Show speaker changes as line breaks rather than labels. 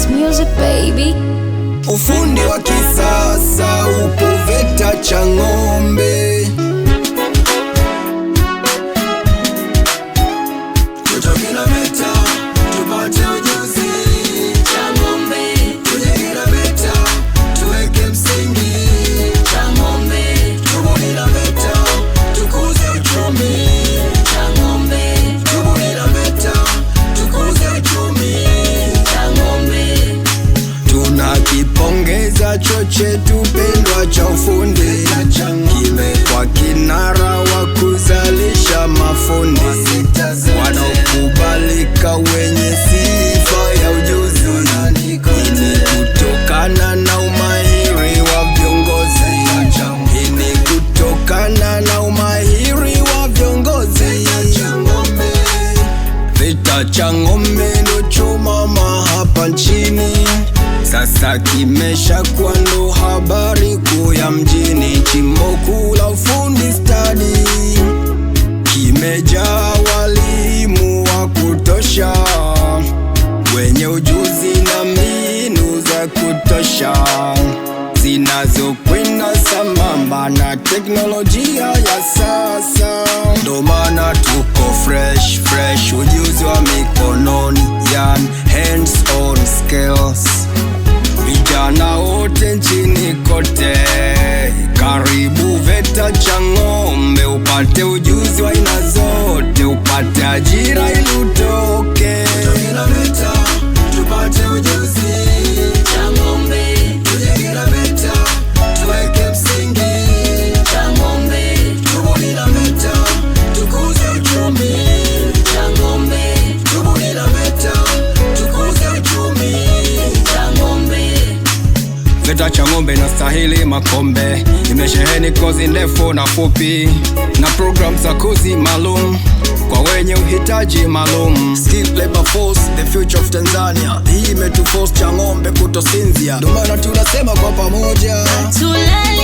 dance music baby.
Ufundi wa kisasa upo VETA Kisa chochetu pendwa cha ufundi kimekuwa kinara wa kuzalisha mafundi wanaokubalika wenye sifa ya ujuzi. Hii ni kutokana na umahiri wa viongozi, hii ni kutokana na umahiri wa viongozi. Vita cha ng'ombe ndo choma mahapa nchini sasa kimesha kuwa ndo habari kuu ya mjini, chimbo la ufundi stadi kimejaa walimu wa kutosha wenye ujuzi na mbinu za kutosha zinazokwenda sambamba na teknolojia ya sasa. Ndo maana tuko fresh fresh, ujuzi wa mikononi, yani hands I'll tell you Kifuta cha ng'ombe na stahili makombe, imesheheni kozi ndefu na fupi na program za kozi maalum kwa wenye uhitaji maalum. Skilled labor force, the future of Tanzania. Hii imetuforce cha ng'ombe kutosinzia, ndio maana tunasema kwa pamoja
Tulele.